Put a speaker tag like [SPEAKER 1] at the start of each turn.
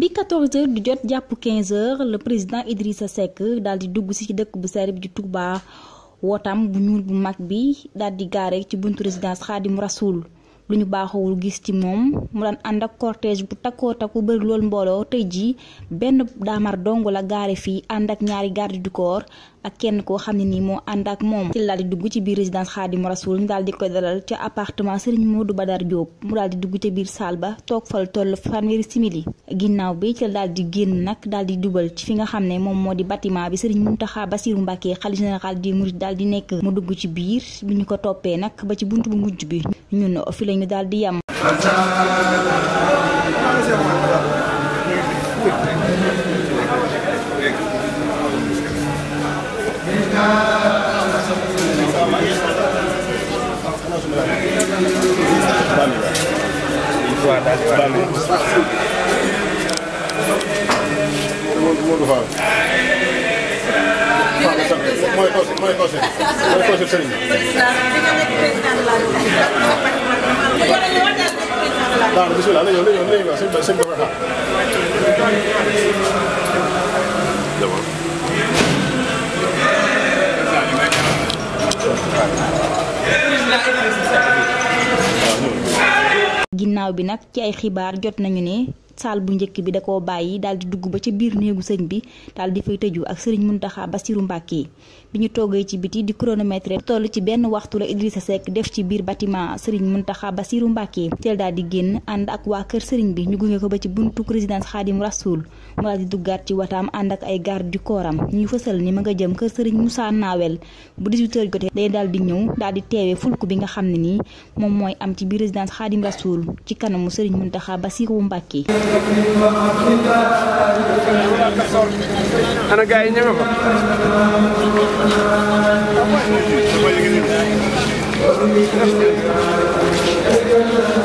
[SPEAKER 1] bi 14h du jot jàpp 15h le président sa Seck daal di dugg si ci dëkk bu seer bi di Touba wootam bu ñuul bu mag bi daal di gaare ci buntu résidence Xaadim Rasoul. lu ñu baaxawul gis ci moom mu daan ànd ak cortège bu takkoo takku bëri loolu mbooloo tey jii benn daamar dong la gaare fii ànd ak ñaari garde du corps ak kenn koo xam ne nii moo ànd ak moom ci daal di dugg ci biir résidence Xaadimu Rasuul ñu daal di koy dalal ca appartement Serigne Modou Badar Diop mu daal di dugg ca biir salle ba toog fal toll fanweeri simili ginnaaw bi ci la daal di génn nag daal di dubal ci fi nga xam ne moom moo di bâtiment bi Serigne Mountakha Bassirou Mbacké xalifa général di murit daal di nekk mu dugg ci biir bi ñu ko toppee nag ba ci buntu bu mujj bi ñun fi lañu daal di yam mooy bi. nag ci ay xibaar jot nañu ni saal bu njëkk bi da koo bàyyi daal di dugg ba ca biir néegu sëñ bi daal di fay tëju ak sëriñ Muntaxa Basiru Mbàkke bi ñu toogee ci biti di chronomètre toll ci benn waxtu la Idrissa Seck def ci biir bâtiment sëriñ Muntaxa Basiru Mbàkke teel daal di génn ànd ak waa kër sëriñ bi ñu gunge ko ba ci buntu résidence Xaadim Rasoul mu daal di duggaat ci wataam ànd ak ay garde du corps am ñuy fësal ni ma nga jëm kër sëriñ Moussa Nawel bu 18h jotee day daal di ñëw daal di teewee fulku bi nga xam ne nii moom mooy am ci biir résidence Xaadim ci kanamu sëriñ Muntaxa Basiru Mbàkke ana gars yi ña nga fa.